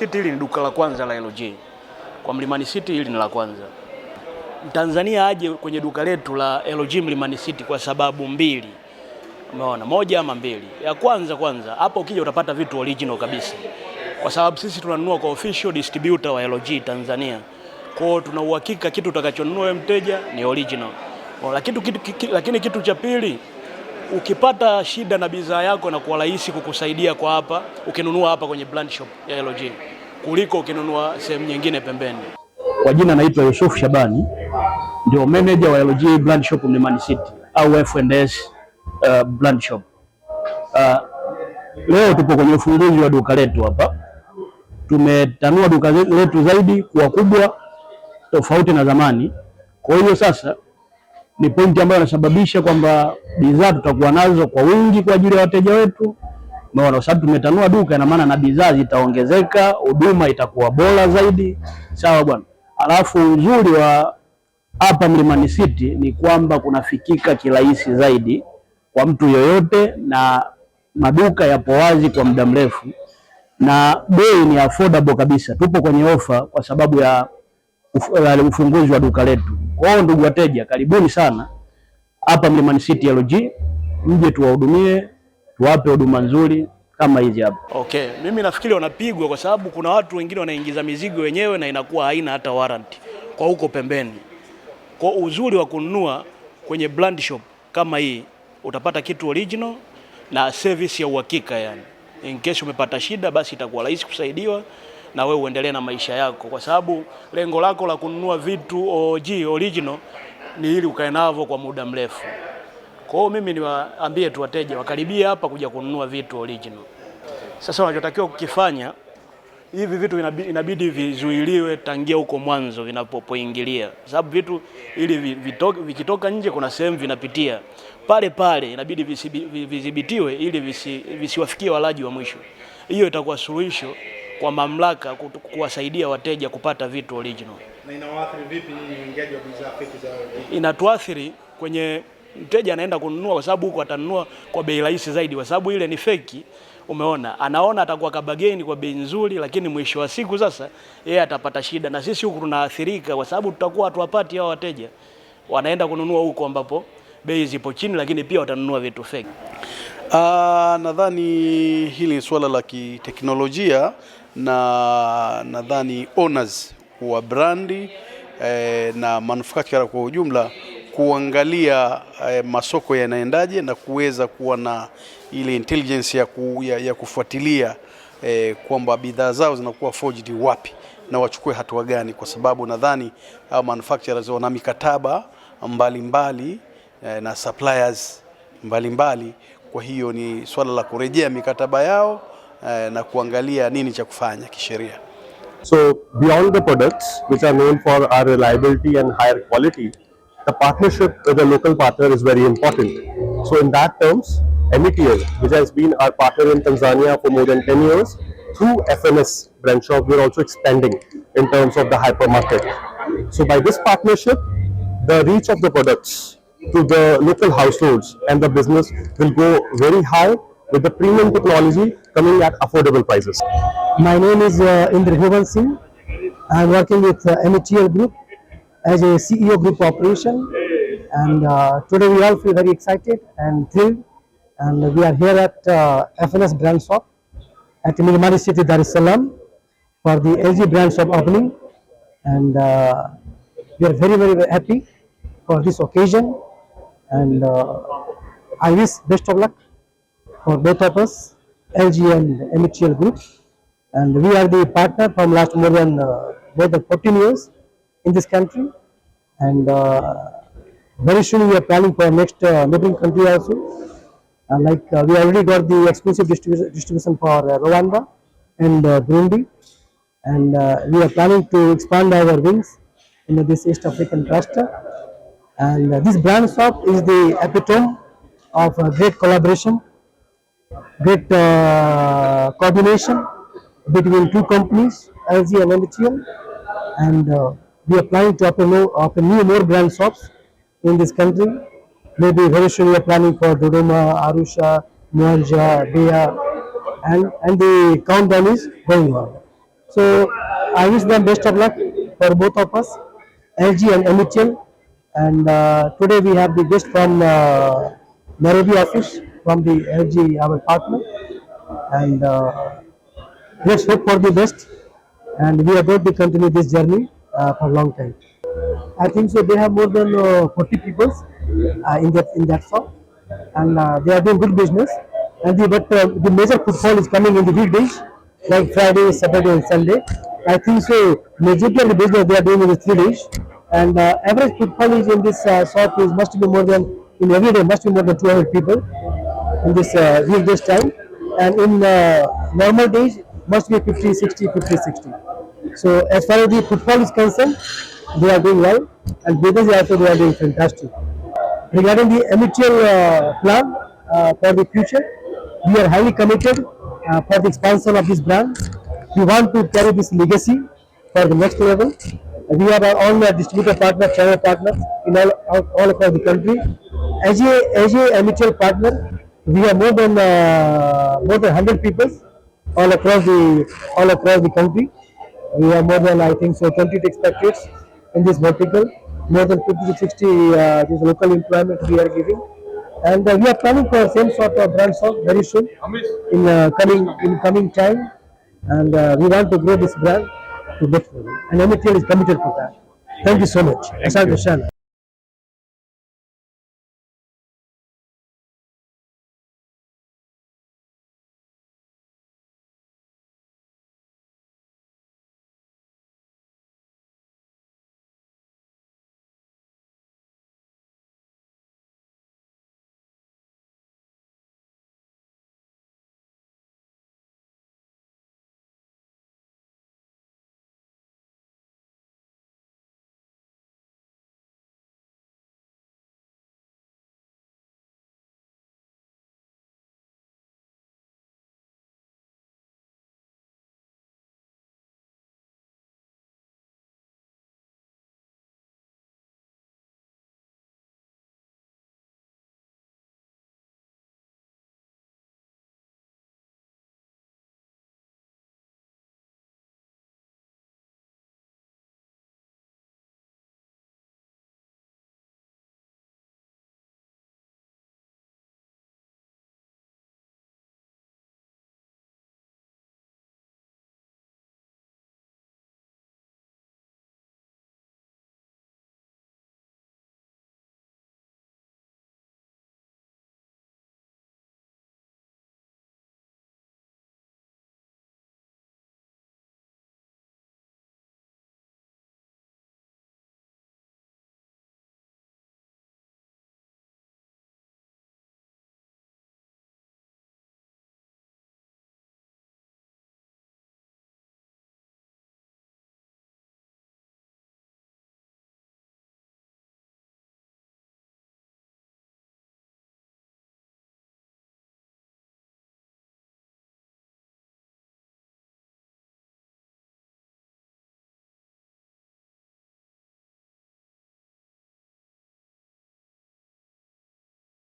City hili ni duka la kwanza la LG. Kwa Mlimani City hili ni la kwanza. Mtanzania aje kwenye duka letu la LG Mlimani City kwa sababu mbili. Umeona, moja ama mbili. Ya kwanza kwanza, hapo ukija utapata vitu original kabisa, kwa sababu sisi tunanunua kwa official distributor wa LG Tanzania. Kwa hiyo tuna uhakika kitu utakachonunua wewe mteja ni original. Kwa, Lakini kitu, lakini kitu cha pili ukipata shida na bidhaa yako na kuwa rahisi kukusaidia kwa hapa ukinunua hapa kwenye brand shop ya LG kuliko ukinunua sehemu nyingine pembeni. Kwa jina naitwa Yusuf Shabani, ndio manager wa LG Brand Shop Mlimani City au F&S uh, Brand Shop. Uh, leo tupo kwenye ufunguzi wa duka letu hapa. Tumetanua duka letu zaidi kuwa kubwa tofauti na zamani. Kwa hiyo sasa ni pointi ambayo inasababisha kwamba bidhaa tutakuwa nazo kwa wingi kwa ajili ya wateja wetu, Umeona, kwa sababu tumetanua duka, ina maana na bidhaa zitaongezeka, huduma itakuwa bora zaidi. Sawa bwana. Alafu uzuri wa hapa Mlimani City ni kwamba kunafikika kirahisi zaidi kwa mtu yoyote, na maduka yapo wazi kwa muda mrefu, na bei ni affordable kabisa. Tupo kwenye ofa kwa sababu ya ufunguzi wa duka letu. Kwa hiyo ndugu wateja, karibuni sana hapa Mlimani City LG, mje tuwahudumie tuwape huduma nzuri kama hizi hapa. Okay, mimi nafikiri wanapigwa kwa sababu kuna watu wengine wanaingiza mizigo wenyewe na inakuwa haina hata warranty kwa huko pembeni. Kwa uzuri wa kununua kwenye brand shop kama hii utapata kitu original na service ya uhakika yani. In case umepata shida basi itakuwa rahisi kusaidiwa na wewe uendelee na maisha yako, kwa sababu lengo lako la kununua vitu OG original ni ili ukae navyo kwa muda mrefu. Kwa hiyo mimi niwaambie tu wateja wakaribia hapa kuja kununua vitu original. Sasa wanachotakiwa kukifanya, hivi vitu inabidi vizuiliwe tangia huko mwanzo vinapopoingilia, sababu vitu ili vikitoka nje kuna sehemu vinapitia pale pale, inabidi vidhibitiwe ili visi, visiwafikie walaji wa mwisho. Hiyo itakuwa suluhisho kwa mamlaka kuwasaidia wateja kupata vitu original. Na inawaathiri vipi nyinyi, wa bidhaa fake za? Inatuathiri kwenye mteja anaenda kununua kwa sababu huko atanunua kwa bei rahisi zaidi, kwa sababu ile ni feki. Umeona, anaona atakuwa kabageni kwa bei nzuri, lakini mwisho wa siku sasa yeye atapata shida, na sisi huku tunaathirika kwa sababu tutakuwa hatuwapati hao wateja, wanaenda kununua huko ambapo bei zipo chini, lakini pia watanunua vitu feki. Uh, ah, nadhani hili ni suala la kiteknolojia na nadhani owners wa brandi eh, na manufacturer kwa ujumla kuangalia eh, masoko yanaendaje na kuweza kuwa na ile intelligence ya, ku, ya, ya kufuatilia eh, kwamba bidhaa zao zinakuwa forged wapi na wachukue hatua gani, kwa sababu nadhani au ah, manufacturers wana mikataba mbalimbali mbali, eh, na suppliers mbalimbali mbali. Kwa hiyo ni swala la kurejea mikataba yao eh, na kuangalia nini cha kufanya kisheria. So beyond the products which are known for our reliability and higher quality the partnership with a local partner is very important. So in that terms, METL, which has been our partner in Tanzania for more than 10 years, through FMS branch shop, we are also expanding in terms of the hypermarket. So by this partnership, the reach of the products to the local households and the business will go very high with the premium technology coming at affordable prices. My name is uh, Indra Singh. I am working with uh, METL Group as a CEO Group operation, And uh, today we all feel very excited and thrilled. And we are here at uh, FLS Brand Shop at Miramari City, Dar es Salaam for the LG Brand Shop opening. And uh, we are very, very, very happy for this occasion. And uh, I wish best of luck for both of us, LG and MHL Group. And we are the partner from last more than uh, more than 14 years in this country and uh, very soon we are planning for next uh, neighboring country also. Uh, like uh, we already got the exclusive distribu distribution for Rwanda and Burundi and we are planning to expand our wings in this East African cluster and this brand shop is the epitome of great collaboration great uh, coordination between two companies, LG and MTL, and uh, be applying to open, open new more brand shops in this country. Maybe very soon we are planning for Dodoma, Arusha, Muarja, Bia, and, and the countdown is going on. So I wish them best of luck for both of us, LG and MHL. And uh, today we have the guest from uh, Nairobi office from the LG, our partner. And uh, let's hope for the best. And we are going to continue this journey uh, for a long time. I think so. They have more than uh, 40 people uh, in that in that shop, and uh, they are doing good business. And the but uh, the major footfall is coming in the weekdays, like Friday, Saturday, and Sunday. I think so. Majority of the business they are doing in the three days, and uh, average footfall is in this uh, shop is must be more than in every day must be more than 200 people in this uh, weekdays time, and in uh, normal days must be 50, 60, 50, 60. So as far as the football is concerned, they are doing well and British also they are doing fantastic. Regarding the MHL uh, plan uh, for the future, we are highly committed uh, for the expansion of this brand. We want to carry this legacy for the next level. We have our own uh, distributor partner, channel partner in all, all, all across the country. As a, as a MHL partner, we have more than uh, more than 100 people all across the all across the country we have more than I think so 20 tech in this vertical, more than 50 to 60 uh, this local employment we are giving. And uh, we are planning for same sort of brand shop very soon in uh, coming in coming time, and uh, we want to grow this brand to get And MTL is committed to that. Thank you so much. Thank